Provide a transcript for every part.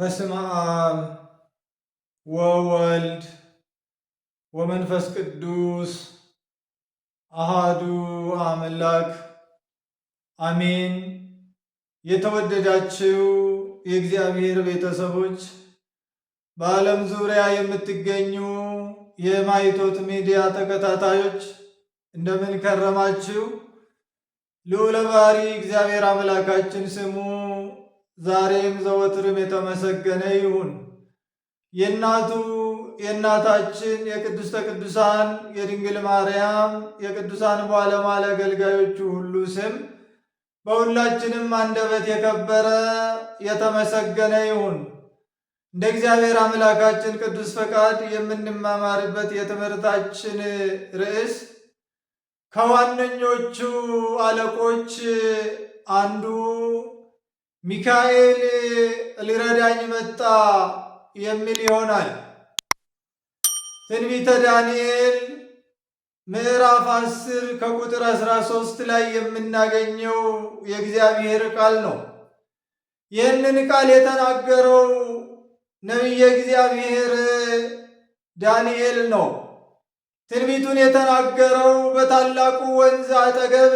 በስመ አብ ወወልድ ወመንፈስ ቅዱስ አሃዱ አምላክ አሜን። የተወደዳችው የእግዚአብሔር ቤተሰቦች በዓለም ዙሪያ የምትገኙ የማይቶት ሚዲያ ተከታታዮች እንደምን ከረማችሁ? ልዑለ ባሕሪ እግዚአብሔር አምላካችን ስሙ ዛሬም ዘወትርም የተመሰገነ ይሁን። የእናቱ የእናታችን የቅድስተ ቅዱሳን የድንግል ማርያም የቅዱሳን በዓለማል አገልጋዮቹ ሁሉ ስም በሁላችንም አንደበት የከበረ የተመሰገነ ይሁን። እንደ እግዚአብሔር አምላካችን ቅዱስ ፈቃድ የምንማማርበት የትምህርታችን ርዕስ ከዋነኞቹ አለቆች አንዱ ሚካኤል ሊረዳኝ መጣ የሚል ይሆናል። ትንቢተ ዳንኤል ምዕራፍ 10 ከቁጥር 13 ላይ የምናገኘው የእግዚአብሔር ቃል ነው። ይህንን ቃል የተናገረው ነቢየ እግዚአብሔር ዳንኤል ነው። ትንቢቱን የተናገረው በታላቁ ወንዝ አጠገብ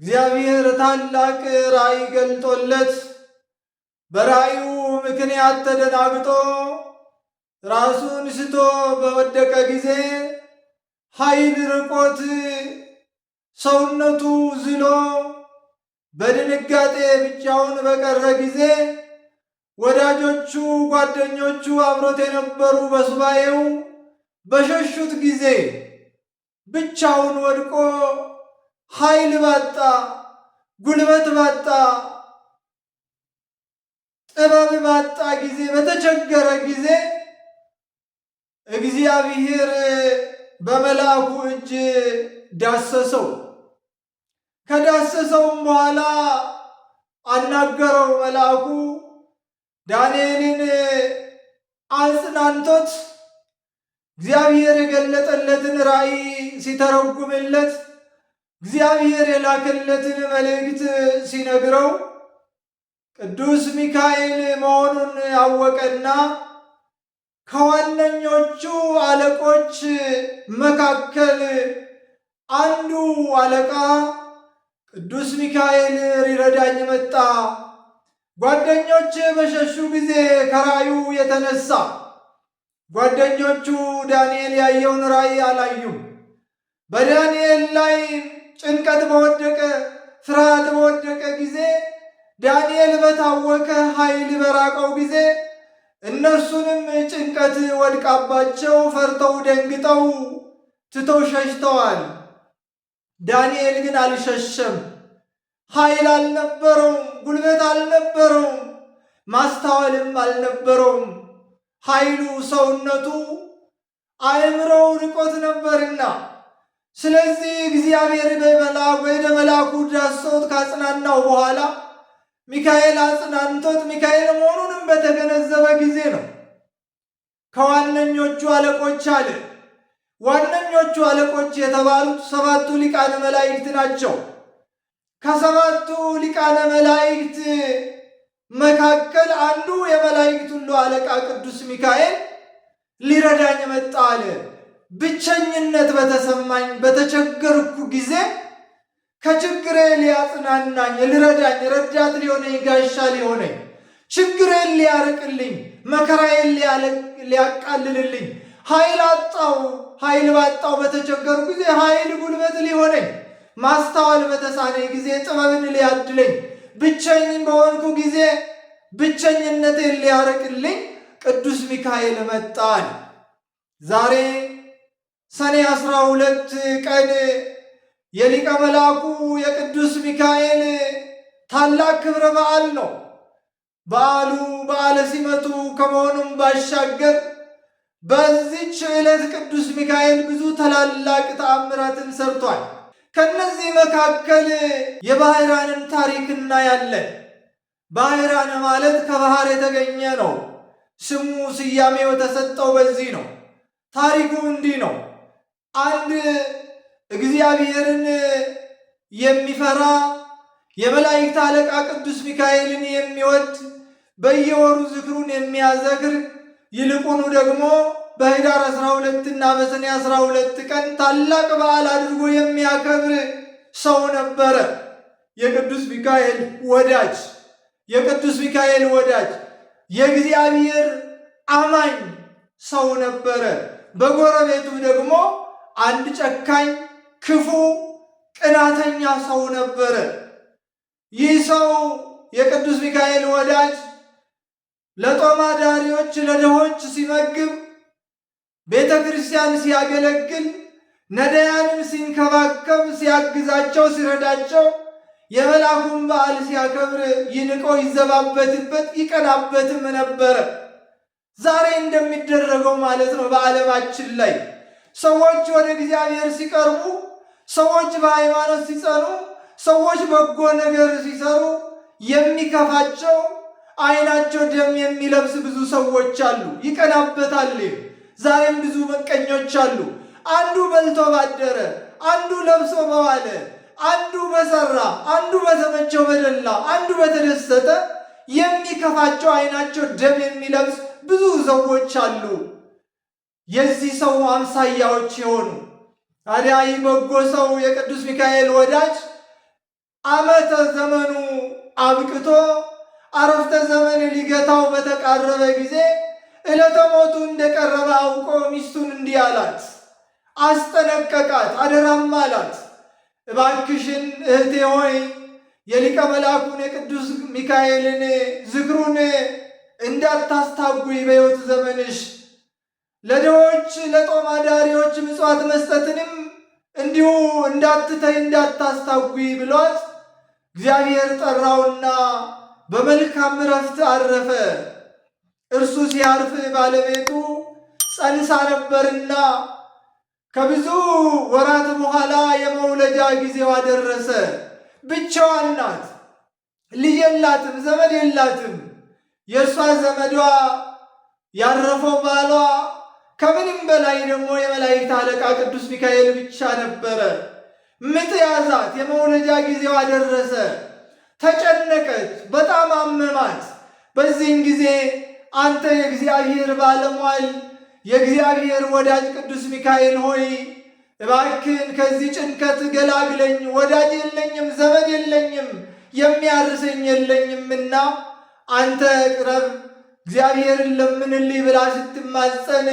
እግዚአብሔር ታላቅ ራእይ ገልጦለት በራእዩ ምክንያት ተደናግጦ ራሱን ስቶ በወደቀ ጊዜ ኃይል ርቆት ሰውነቱ ዝሎ በድንጋጤ ብቻውን በቀረ ጊዜ ወዳጆቹ፣ ጓደኞቹ፣ አብሮት የነበሩ በሱባኤው በሸሹት ጊዜ ብቻውን ወድቆ ኃይል ባጣ፣ ጉልበት ባጣ፣ ጥበብ ባጣ ጊዜ በተቸገረ ጊዜ እግዚአብሔር በመልአኩ እጅ ዳሰሰው። ከዳሰሰውም በኋላ አናገረው። መልአኩ ዳንኤልን አጽናንቶት እግዚአብሔር የገለጠለትን ራእይ ሲተረጉምለት እግዚአብሔር የላከለትን መልእክት ሲነግረው ቅዱስ ሚካኤል መሆኑን ያወቀና ከዋነኞቹ አለቆች መካከል አንዱ አለቃ ቅዱስ ሚካኤል ሊረዳኝ መጣ፣ ጓደኞች በሸሹ ጊዜ ከራዩ የተነሳ ጓደኞቹ ዳንኤል ያየውን ራእይ አላዩም። በዳንኤል ላይ ጭንቀት በወደቀ ፍርሃት በወደቀ ጊዜ ዳንኤል በታወከ ኃይል በራቀው ጊዜ እነርሱንም ጭንቀት ወድቃባቸው ፈርተው ደንግጠው ትተው ሸሽተዋል። ዳንኤል ግን አልሸሸም። ኃይል አልነበረውም፣ ጉልበት አልነበረውም፣ ማስተዋልም አልነበረውም። ኃይሉ ሰውነቱ አእምሮው ርቆት ነበርና ስለዚህ እግዚአብሔር በመልአኩ ወደ መልአኩ ዳስሶት ካጽናናው በኋላ ሚካኤል አጽናንቶት ሚካኤል መሆኑንም በተገነዘበ ጊዜ ነው ከዋነኞቹ አለቆች አለ። ዋነኞቹ አለቆች የተባሉት ሰባቱ ሊቃነ መላእክት ናቸው። ከሰባቱ ሊቃነ መላእክት መካከል አንዱ የመላእክት ሁሉ አለቃ ቅዱስ ሚካኤል ሊረዳኝ መጣ አለ። ብቸኝነት በተሰማኝ በተቸገርኩ ጊዜ ከችግሬ ሊያጽናናኝ ልረዳኝ ረዳት ሊሆነኝ ጋሻ ሊሆነኝ ችግሬን ሊያርቅልኝ መከራዬን ሊያቃልልልኝ ኃይል አጣው ኃይል ባጣው በተቸገሩ ጊዜ ኃይል ጉልበት ሊሆነኝ ማስተዋል በተሳኔ ጊዜ ጥበብን ሊያድለኝ ብቸኝ በሆንኩ ጊዜ ብቸኝነቴን ሊያርቅልኝ ቅዱስ ሚካኤል መጣል ዛሬ ሰኔ አስራ ሁለት ቀን የሊቀ መልአኩ የቅዱስ ሚካኤል ታላቅ ክብረ በዓል ነው። በዓሉ በዓለ ሲመቱ ከመሆኑም ባሻገር በዚች ዕለት ቅዱስ ሚካኤል ብዙ ታላላቅ ተአምራትን ሰርቷል። ከነዚህ መካከል የባህራንን ታሪክ እናያለን። ባህራን ማለት ከባህር የተገኘ ነው። ስሙ ስያሜው ተሰጠው በዚህ ነው። ታሪኩ እንዲህ ነው። አንድ እግዚአብሔርን የሚፈራ የመላእክት አለቃ ቅዱስ ሚካኤልን የሚወድ በየወሩ ዝክሩን የሚያዘክር ይልቁኑ ደግሞ በህዳር 12 እና በሰኔ 12 ቀን ታላቅ በዓል አድርጎ የሚያከብር ሰው ነበረ። የቅዱስ ሚካኤል ወዳጅ የቅዱስ ሚካኤል ወዳጅ የእግዚአብሔር አማኝ ሰው ነበረ። በጎረቤቱ ደግሞ አንድ ጨካኝ፣ ክፉ፣ ቅናተኛ ሰው ነበረ። ይህ ሰው የቅዱስ ሚካኤል ወዳጅ ለጦማ ዳሪዎች፣ ለድሆች ሲመግብ፣ ቤተ ክርስቲያን ሲያገለግል፣ ነዳያንም ሲንከባከብ፣ ሲያግዛቸው፣ ሲረዳቸው፣ የመልአኩን በዓል ሲያከብር ይንቆ ይዘባበትበት ይቀናበትም ነበረ። ዛሬ እንደሚደረገው ማለት ነው በዓለማችን ላይ ሰዎች ወደ እግዚአብሔር ሲቀርቡ፣ ሰዎች በሃይማኖት ሲጸኑ፣ ሰዎች በጎ ነገር ሲሰሩ የሚከፋቸው አይናቸው ደም የሚለብስ ብዙ ሰዎች አሉ። ይቀናበታል። ዛሬም ብዙ መቀኞች አሉ። አንዱ በልቶ ባደረ፣ አንዱ ለብሶ በዋለ፣ አንዱ በሰራ፣ አንዱ በተመቸው በደላ፣ አንዱ በተደሰተ የሚከፋቸው አይናቸው ደም የሚለብስ ብዙ ሰዎች አሉ። የዚህ ሰው አምሳያዎች የሆኑ ታዲያ ይህ በጎ ሰው የቅዱስ ሚካኤል ወዳጅ ዓመተ ዘመኑ አብቅቶ አረፍተ ዘመን ሊገታው በተቃረበ ጊዜ ዕለተ ሞቱ እንደቀረበ አውቆ ሚስቱን እንዲህ አላት፣ አስጠነቀቃት፣ አደራም አላት። እባክሽን እህቴ ሆይ የሊቀ መላኩን የቅዱስ ሚካኤልን ዝክሩን እንዳታስታጉይ በሕይወት ዘመንሽ ለድሆች ለጦም አዳሪዎች ምጽዋት መስጠትንም እንዲሁ እንዳትተይ እንዳታስታጉ ብሏት እግዚአብሔር ጠራውና በመልካም እረፍት አረፈ። እርሱ ሲያርፍ ባለቤቱ ጸንሳ ነበርና ከብዙ ወራት በኋላ የመውለጃ ጊዜዋ ደረሰ። ብቻዋን ናት። ልጅ የላትም፣ ዘመድ የላትም። የእርሷ ዘመዷ ያረፈው ባሏ ከምንም በላይ ደግሞ የመላእክት አለቃ ቅዱስ ሚካኤል ብቻ ነበረ። ምጥ ያዛት፣ የመውለጃ ጊዜዋ ደረሰ። ተጨነቀች፣ በጣም አመማት። በዚህም ጊዜ አንተ የእግዚአብሔር ባለሟል የእግዚአብሔር ወዳጅ ቅዱስ ሚካኤል ሆይ እባክን ከዚህ ጭንቀት ገላግለኝ። ወዳጅ የለኝም፣ ዘመን የለኝም፣ የሚያርሰኝ የለኝምና አንተ ቅረብ እግዚአብሔርን ለምንልኝ ብላ ስትማጸን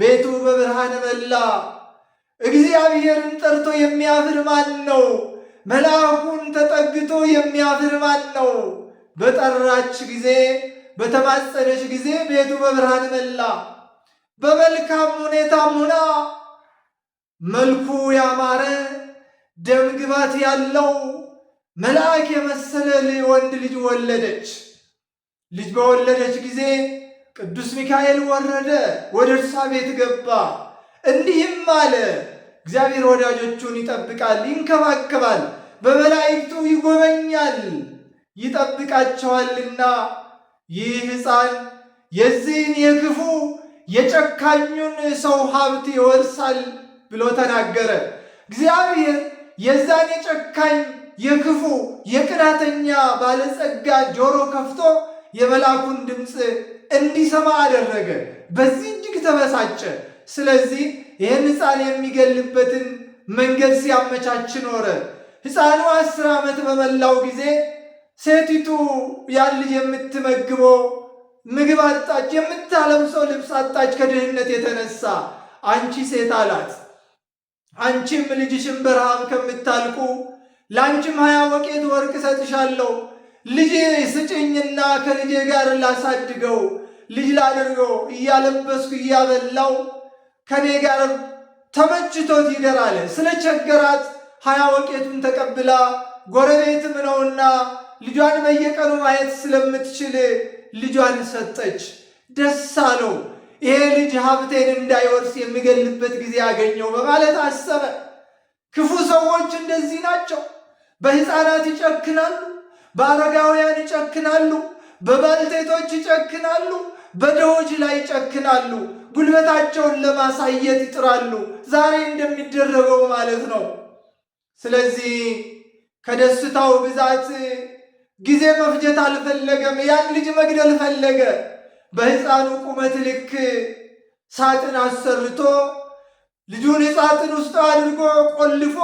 ቤቱ በብርሃን መላ። እግዚአብሔርን ጠርቶ የሚያፍር ማን ነው? መልአኩን ተጠግቶ የሚያፍር ማን ነው? በጠራች ጊዜ በተማጸነች ጊዜ ቤቱ በብርሃን መላ። በመልካም ሁኔታም ሙና መልኩ ያማረ ደምግባት ያለው መልአክ የመሰለ ወንድ ልጅ ወለደች። ልጅ በወለደች ጊዜ ቅዱስ ሚካኤል ወረደ፣ ወደ እርሷ ቤት ገባ፣ እንዲህም አለ። እግዚአብሔር ወዳጆቹን ይጠብቃል፣ ይንከባከባል፣ በመላእክቱ ይጎበኛል፣ ይጠብቃቸዋልና ይህ ሕፃን የዚህን የክፉ የጨካኙን ሰው ሀብት ይወርሳል ብሎ ተናገረ። እግዚአብሔር የዛን የጨካኝ የክፉ የቅናተኛ ባለጸጋ ጆሮ ከፍቶ የመልአኩን ድምፅ እንዲሰማ አደረገ። በዚህ እጅግ ተበሳጨ። ስለዚህ ይህን ሕፃን የሚገልበትን መንገድ ሲያመቻች ኖረ። ሕፃኑ አስር ዓመት በመላው ጊዜ ሴቲቱ ያን ልጅ የምትመግበው ምግብ አጣች፣ የምታለብሰው ልብስ አጣች ከድህነት የተነሳ። አንቺ ሴት አላት፣ አንቺም ልጅሽን በረሃብ ከምታልቁ ለአንቺም ሀያ ወቄት ወርቅ እሰጥሻለሁ ልጅ ስጭኝና ከልጄ ጋር ላሳድገው ልጅ ላድርገው እያለበስኩ እያበላው ከኔ ጋር ተመችቶት ይደራል። ስለ ቸገራት ሀያ ወቄቱን ተቀብላ ጎረቤትም ነውና ልጇን በየቀኑ ማየት ስለምትችል ልጇን ሰጠች። ደስ አለው። ይሄ ልጅ ሀብቴን እንዳይወርስ የሚገልበት ጊዜ ያገኘው በማለት አሰበ። ክፉ ሰዎች እንደዚህ ናቸው። በሕፃናት ይጨክናሉ። በአረጋውያን ይጨክናሉ፣ በባልቴቶች ይጨክናሉ፣ በድሆች ላይ ይጨክናሉ። ጉልበታቸውን ለማሳየት ይጥራሉ፣ ዛሬ እንደሚደረገው ማለት ነው። ስለዚህ ከደስታው ብዛት ጊዜ መፍጀት አልፈለገም። ያን ልጅ መግደል ፈለገ። በሕፃኑ ቁመት ልክ ሳጥን አሰርቶ ልጁን ሳጥን ውስጥ አድርጎ ቆልፎ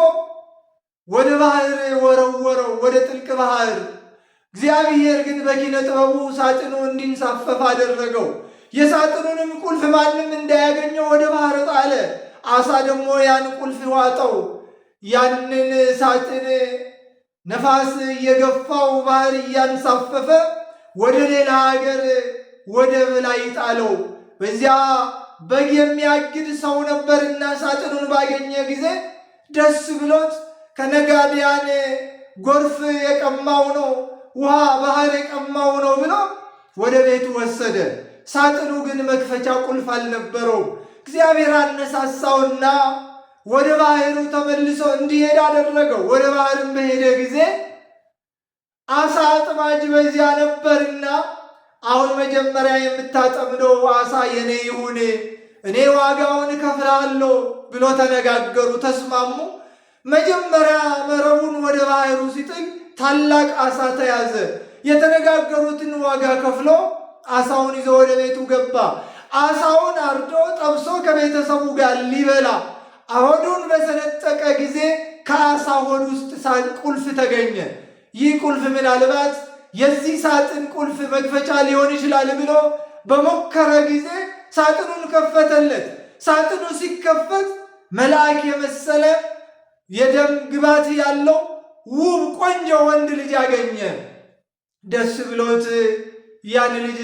ወደ ባህር ወረወረው፣ ወደ ጥልቅ ባህር። እግዚአብሔር ግን በኪነ ጥበቡ ሳጥኑ እንዲንሳፈፍ አደረገው። የሳጥኑንም ቁልፍ ማንም እንዳያገኘው ወደ ባህር ጣለ። አሳ ደግሞ ያን ቁልፍ ዋጠው። ያንን ሳጥን ነፋስ የገፋው ባህር እያንሳፈፈ ወደ ሌላ ሀገር ወደብ ላይ ጣለው። በዚያ በግ የሚያግድ ሰው ነበርና ሳጥኑን ባገኘ ጊዜ ደስ ብሎት ከነጋድያን ጎርፍ የቀማው ነው፣ ውሃ ባህር የቀማው ነው ብሎ ወደ ቤቱ ወሰደ። ሳጥኑ ግን መክፈቻ ቁልፍ አልነበረው። እግዚአብሔር አነሳሳውና ወደ ባህሩ ተመልሶ እንዲሄድ አደረገው። ወደ ባህርም በሄደ ጊዜ አሳ አጥማጅ በዚያ ነበርና አሁን መጀመሪያ የምታጠምደው አሳ የኔ ይሁን፣ እኔ ዋጋውን እከፍልሃለሁ ብሎ ተነጋገሩ፣ ተስማሙ። መጀመሪያ መረቡን ወደ ባህሩ ሲጥል ታላቅ አሳ ተያዘ። የተነጋገሩትን ዋጋ ከፍሎ አሳውን ይዞ ወደ ቤቱ ገባ። አሳውን አርዶ ጠብሶ ከቤተሰቡ ጋር ሊበላ አሆዱን በሰነጠቀ ጊዜ ከአሳ ሆድ ውስጥ ቁልፍ ተገኘ። ይህ ቁልፍ ምናልባት የዚህ ሳጥን ቁልፍ መክፈቻ ሊሆን ይችላል ብሎ በሞከረ ጊዜ ሳጥኑን ከፈተለት። ሳጥኑ ሲከፈት መልአክ የመሰለ የደም ግባት ያለው ውብ ቆንጆ ወንድ ልጅ አገኘ። ደስ ብሎት ያን ልጅ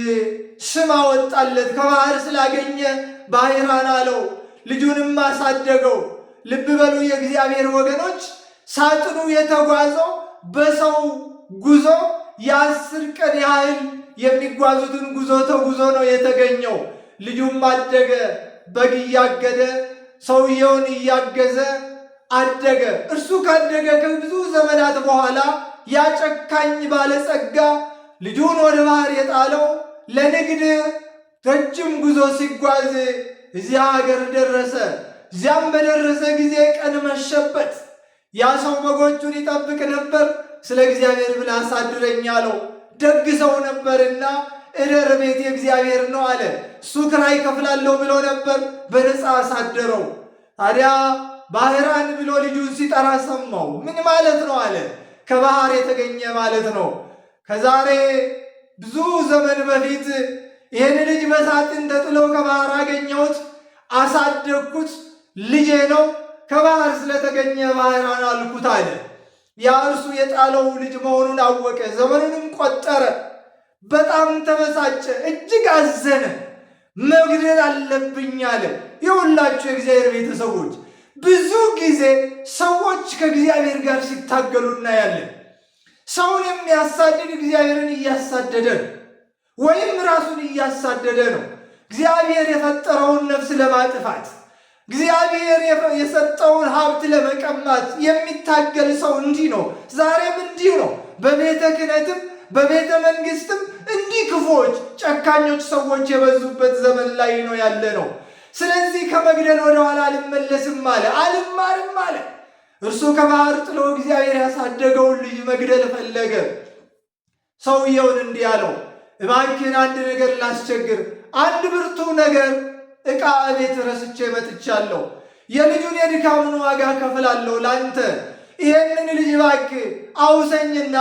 ስም አወጣለት። ከባህር ስላገኘ ባህራን አለው። ልጁንም አሳደገው። ልብ በሉ የእግዚአብሔር ወገኖች፣ ሳጥኑ የተጓዘው በሰው ጉዞ የአስር ቀን ያህል የሚጓዙትን ጉዞ ተጉዞ ነው የተገኘው። ልጁም አደገ። በግ እያገደ ሰውየውን እያገዘ አደገ። እርሱ ካደገ ከብዙ ዘመናት በኋላ ያ ጨካኝ ባለጸጋ ልጁን ወደ ባህር የጣለው ለንግድ ረጅም ጉዞ ሲጓዝ እዚያ ሀገር ደረሰ። እዚያም በደረሰ ጊዜ ቀን መሸበት። ያ ሰው በጎቹን ይጠብቅ ነበር። ስለ እግዚአብሔር ብለህ አሳድረኝ አለው። ደግ ሰው ነበርና እደር፣ ቤት የእግዚአብሔር ነው አለ። እሱ ክራይ ከፍላለሁ ብሎ ነበር፣ በነፃ አሳደረው። ታዲያ ባህራን ብሎ ልጁን ሲጠራ ሰማው። ምን ማለት ነው አለ። ከባህር የተገኘ ማለት ነው። ከዛሬ ብዙ ዘመን በፊት ይህን ልጅ በሳጥን ተጥለው ከባህር አገኘሁት፣ አሳደግኩት፣ ልጄ ነው፣ ከባህር ስለተገኘ ባህራን አልኩት አለ። ያ እርሱ የጣለው ልጅ መሆኑን አወቀ፣ ዘመኑንም ቆጠረ። በጣም ተበሳጨ፣ እጅግ አዘነ። መግደል አለብኝ አለ። የሁላችሁ የእግዚአብሔር ቤተሰቦች ብዙ ጊዜ ሰዎች ከእግዚአብሔር ጋር ሲታገሉ እናያለን። ሰውን የሚያሳድድ እግዚአብሔርን እያሳደደ ነው፣ ወይም ራሱን እያሳደደ ነው። እግዚአብሔር የፈጠረውን ነፍስ ለማጥፋት እግዚአብሔር የሰጠውን ሀብት ለመቀማት የሚታገል ሰው እንዲህ ነው። ዛሬም እንዲህ ነው። በቤተ ክህነትም በቤተ መንግስትም እንዲህ ክፉዎች፣ ጨካኞች ሰዎች የበዙበት ዘመን ላይ ነው ያለ ነው። ስለዚህ ከመግደል ወደኋላ አልመለስም አለ፣ አልማርም አለ። እርሱ ከባህር ጥሎ እግዚአብሔር ያሳደገውን ልጅ መግደል ፈለገ። ሰውየውን እንዲህ አለው፣ እባክህን አንድ ነገር ላስቸግር፣ አንድ ብርቱ ነገር ዕቃ እቤት ረስቼ መጥቻለሁ። የልጁን የድካሙን ዋጋ ከፍላለሁ ላንተ። ይሄንን ልጅ እባክህ አውሰኝና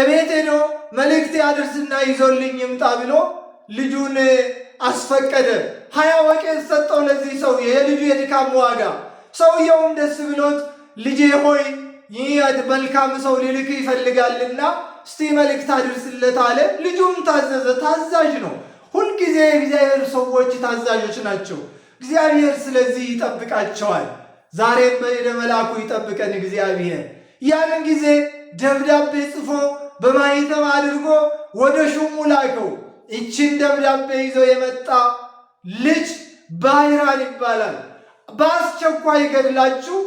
እቤት ሄዶ መልእክት ያደርስና ይዞልኝ ይምጣ ብሎ ልጁን አስፈቀደ። ሀያ ወቄት ሰጠው ለዚህ ሰው የልጁ የድካም ዋጋ። ሰውየውም ደስ ብሎት ልጄ ሆይ ይህ መልካም ሰው ሊልክ ይፈልጋልና እስቲ መልእክት አድርስለት አለ። ልጁም ታዘዘ። ታዛዥ ነው። ሁልጊዜ የእግዚአብሔር ሰዎች ታዛዦች ናቸው። እግዚአብሔር ስለዚህ ይጠብቃቸዋል። ዛሬም በእደ መላኩ ይጠብቀን እግዚአብሔር። ያንን ጊዜ ደብዳቤ ጽፎ በማኅተም አድርጎ ወደ ሹሙ ላከው። ይችን ደብዳቤ ይዞ የመጣ ልጅ ባይራን ይባላል። በአስቸኳይ ገድላችሁ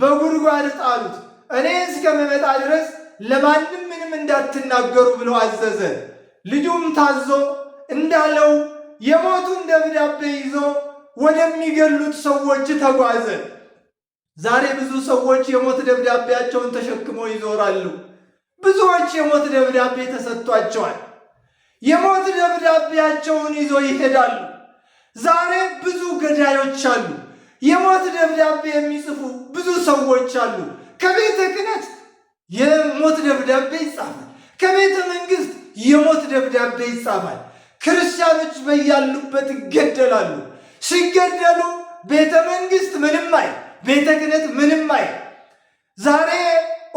በጉድጓድ ጣሉት፣ እኔ እስከምመጣ ድረስ ለማንም ምንም እንዳትናገሩ ብሎ አዘዘ። ልጁም ታዞ እንዳለው የሞቱን ደብዳቤ ይዞ ወደሚገሉት ሰዎች ተጓዘ። ዛሬ ብዙ ሰዎች የሞት ደብዳቤያቸውን ተሸክመው ይዞራሉ። ብዙዎች የሞት ደብዳቤ ተሰጥቷቸዋል። የሞት ደብዳቤያቸውን ይዞ ይሄዳሉ። ዛሬ ብዙ ገዳዮች አሉ። የሞት ደብዳቤ የሚጽፉ ብዙ ሰዎች አሉ። ከቤተ ክህነት የሞት ደብዳቤ ይጻፋል። ከቤተ መንግስት የሞት ደብዳቤ ይጻፋል። ክርስቲያኖች በያሉበት ይገደላሉ። ሲገደሉ ቤተ መንግስት ምንም አይ፣ ቤተ ክህነት ምንም አይ። ዛሬ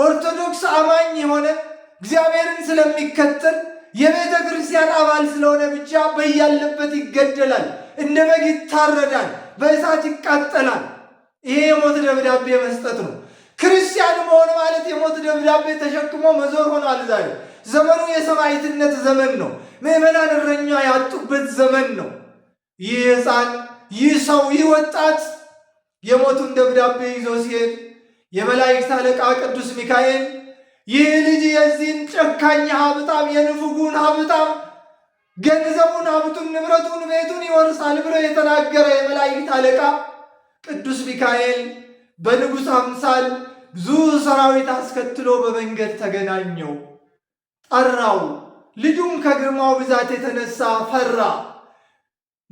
ኦርቶዶክስ አማኝ የሆነ እግዚአብሔርን ስለሚከተል የቤተ ክርስቲያን አባል ስለሆነ ብቻ በያለበት ይገደላል፣ እንደ በግ ይታረዳል፣ በእሳት ይቃጠላል። ይሄ የሞት ደብዳቤ መስጠት ነው። ክርስቲያን መሆን ማለት የሞት ደብዳቤ ተሸክሞ መዞር ሆኗል። ዛሬ ዘመኑ የሰማዕትነት ዘመን ነው። ምዕመናን እረኛ ያጡበት ዘመን ነው። ይህ ሕፃን፣ ይህ ሰው፣ ይህ ወጣት የሞቱን ደብዳቤ ይዞ ሲሄድ የመላእክት አለቃ ቅዱስ ሚካኤል ይህ ልጅ የዚህን ጨካኝ ሀብታም የንፉጉን ሀብታም ገንዘቡን፣ ሀብቱን፣ ንብረቱን፣ ቤቱን ይወርሳል ብሎ የተናገረ የመላእክት አለቃ ቅዱስ ሚካኤል በንጉሥ አምሳል ብዙ ሰራዊት አስከትሎ በመንገድ ተገናኘው፣ ጠራው። ልጁም ከግርማው ብዛት የተነሳ ፈራ።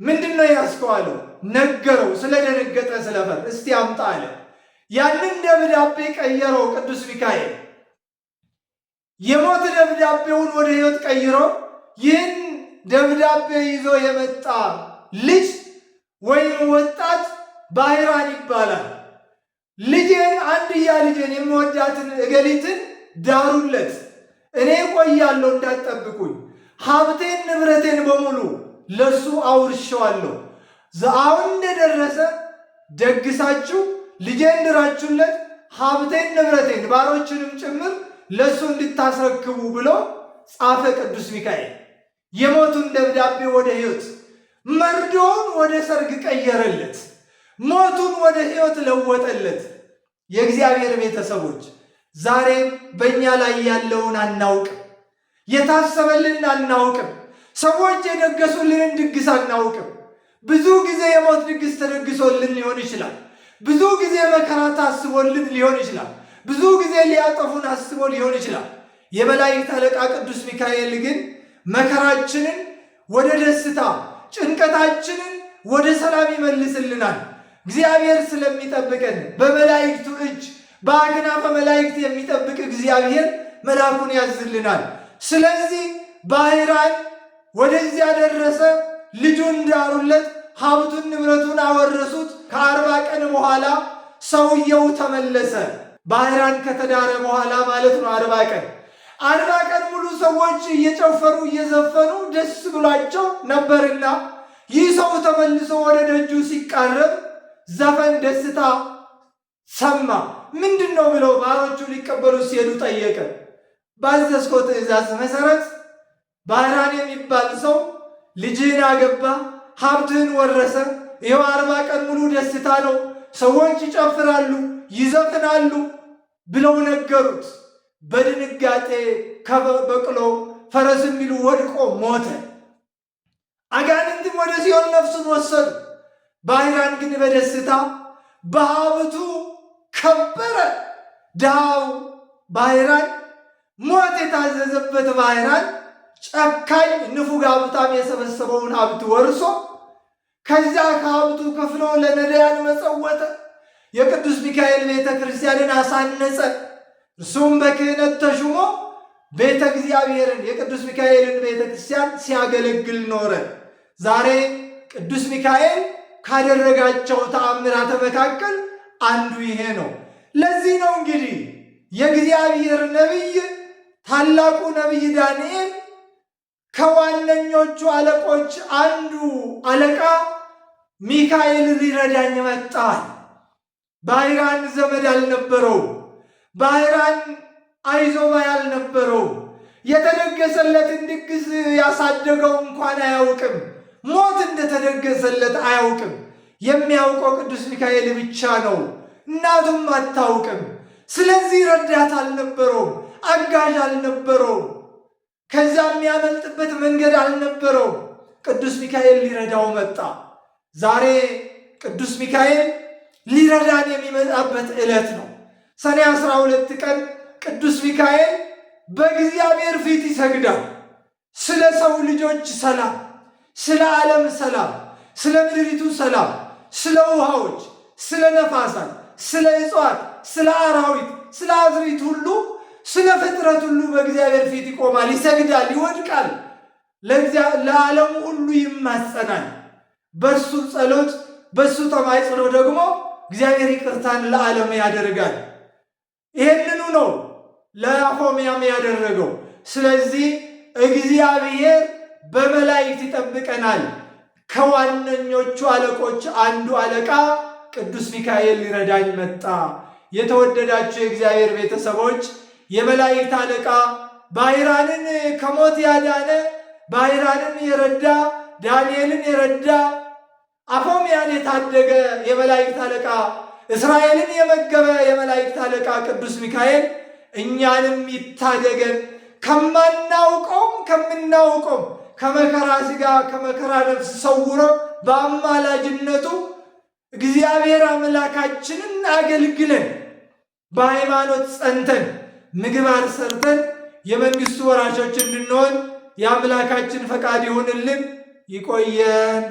ምንድን ነው ያስከዋለው? ነገረው። ስለደነገጠ ስለፈር እስቲ አምጣ አለ። ያንን ደብዳቤ ቀየረው ቅዱስ ሚካኤል የሞት ደብዳቤውን ወደ ሕይወት ቀይሮ ይህን ደብዳቤ ይዞ የመጣ ልጅ ወይም ወጣት ባህራን ይባላል። ልጄን አንድያ ልጄን የምወዳትን እገሊትን ዳሩለት፣ እኔ ቆያለሁ እንዳትጠብቁኝ፣ ሀብቴን ንብረቴን በሙሉ ለሱ አውርሸዋለሁ። አሁን እንደደረሰ ደግሳችሁ ልጄን ድራችሁለት፣ ሀብቴን ንብረቴን ባሮችንም ጭምር ለእሱ እንድታስረክቡ ብሎ ጻፈ ቅዱስ ሚካኤል። የሞቱን ደብዳቤ ወደ ሕይወት፣ መርዶውን ወደ ሰርግ ቀየረለት፣ ሞቱን ወደ ሕይወት ለወጠለት። የእግዚአብሔር ቤተሰቦች ዛሬም በእኛ ላይ ያለውን አናውቅም። የታሰበልን አናውቅም። ሰዎች የደገሱልንን ድግስ አናውቅም። ብዙ ጊዜ የሞት ድግስ ተደግሶልን ሊሆን ይችላል። ብዙ ጊዜ መከራ ታስቦልን ሊሆን ይችላል። ብዙ ጊዜ ሊያጠፉን አስቦ ሊሆን ይችላል። የመላእክት አለቃ ቅዱስ ሚካኤል ግን መከራችንን ወደ ደስታ፣ ጭንቀታችንን ወደ ሰላም ይመልስልናል። እግዚአብሔር ስለሚጠብቀን በመላእክቱ እጅ በአክናፈ መላእክት የሚጠብቅ እግዚአብሔር መልአኩን ያዝልናል። ስለዚህ ባህራን ወደዚያ ደረሰ። ልጁን እንዳሩለት ሀብቱን ንብረቱን አወረሱት። ከአርባ ቀን በኋላ ሰውየው ተመለሰ። ባህራን ከተዳረ በኋላ ማለት ነው። አርባ ቀን አርባ ቀን ሙሉ ሰዎች እየጨፈሩ እየዘፈኑ ደስ ብሏቸው ነበርና ይህ ሰው ተመልሶ ወደ ደጁ ሲቃረብ ዘፈን፣ ደስታ ሰማ። ምንድን ነው ብለው ባሮቹ ሊቀበሉ ሲሄዱ ጠየቀ። ባዘዝከው ትእዛዝ መሰረት ባህራን የሚባል ሰው ልጅህን አገባ፣ ሀብትህን ወረሰ። ይኸው አርባ ቀን ሙሉ ደስታ ነው፣ ሰዎች ይጨፍራሉ ይዘፍናሉ ብለው ነገሩት። በድንጋጤ ከበቅሎ ፈረስ የሚሉ ወድቆ ሞተ። አጋንንትም ወደ ሲኦል ነፍሱን ወሰዱ። ባህራን ግን በደስታ በሀብቱ ከበረ። ድሃው ባህራን ሞት የታዘዘበት ባህራን ጨካኝ ንፉግ ሀብታም የሰበሰበውን ሀብት ወርሶ ከዚያ ከሀብቱ ከፍሎ ለነዳያን መጸወተ። የቅዱስ ሚካኤል ቤተ ክርስቲያንን አሳነጸ። እርሱም በክህነት ተሹሞ ቤተ እግዚአብሔርን የቅዱስ ሚካኤልን ቤተ ክርስቲያን ሲያገለግል ኖረ። ዛሬ ቅዱስ ሚካኤል ካደረጋቸው ተአምራተ መካከል አንዱ ይሄ ነው። ለዚህ ነው እንግዲህ የእግዚአብሔር ነቢይ ታላቁ ነቢይ ዳንኤል ከዋነኞቹ አለቆች አንዱ አለቃ ሚካኤል ሊረዳኝ መጣል ባይራን ዘመድ አልነበረው። ባይራን አይዞባይ ያልነበረው የተደገሰለትን ድግስ ያሳደገው እንኳን አያውቅም። ሞት እንደተደገሰለት አያውቅም። የሚያውቀው ቅዱስ ሚካኤል ብቻ ነው። እናቱም አታውቅም። ስለዚህ ረዳት አልነበረው አጋዥ አልነበረው ከዛ የሚያመልጥበት መንገድ አልነበረው ቅዱስ ሚካኤል ሊረዳው መጣ። ዛሬ ቅዱስ ሚካኤል ሊረዳን የሚመጣበት ዕለት ነው። ሰኔ 12 ቀን ቅዱስ ሚካኤል በእግዚአብሔር ፊት ይሰግዳል። ስለ ሰው ልጆች ሰላም፣ ስለ ዓለም ሰላም፣ ስለ ምድሪቱ ሰላም፣ ስለ ውሃዎች፣ ስለ ነፋሳት፣ ስለ እጽዋት፣ ስለ አራዊት፣ ስለ አዝሪት ሁሉ፣ ስለ ፍጥረት ሁሉ በእግዚአብሔር ፊት ይቆማል፣ ይሰግዳል፣ ይወድቃል። ለዓለም ሁሉ ይማጸናል። በእሱ ጸሎት በእሱ ተማጽኖ ደግሞ እግዚአብሔር ይቅርታን ለዓለም ያደርጋል። ይህንኑ ነው ለአፎምያም ያደረገው። ስለዚህ እግዚአብሔር በመላእክት ይጠብቀናል። ከዋነኞቹ አለቆች አንዱ አለቃ ቅዱስ ሚካኤል ሊረዳኝ መጣ። የተወደዳችሁ የእግዚአብሔር ቤተሰቦች የመላእክት አለቃ ባሕራንን ከሞት ያዳነ ባሕራንን የረዳ ዳንኤልን የረዳ አፎምያን የታደገ የመላእክት አለቃ እስራኤልን የመገበ የመላእክት አለቃ ቅዱስ ሚካኤል እኛንም ይታደገን ከማናውቀውም ከምናውቀውም ከመከራ ሥጋ ከመከራ ነፍስ ሰውሮ በአማላጅነቱ እግዚአብሔር አምላካችንን አገልግለን በሃይማኖት ጸንተን ምግባር ሰርተን የመንግሥቱ ወራሾች እንድንሆን የአምላካችን ፈቃድ ይሁንልን። ይቆየን።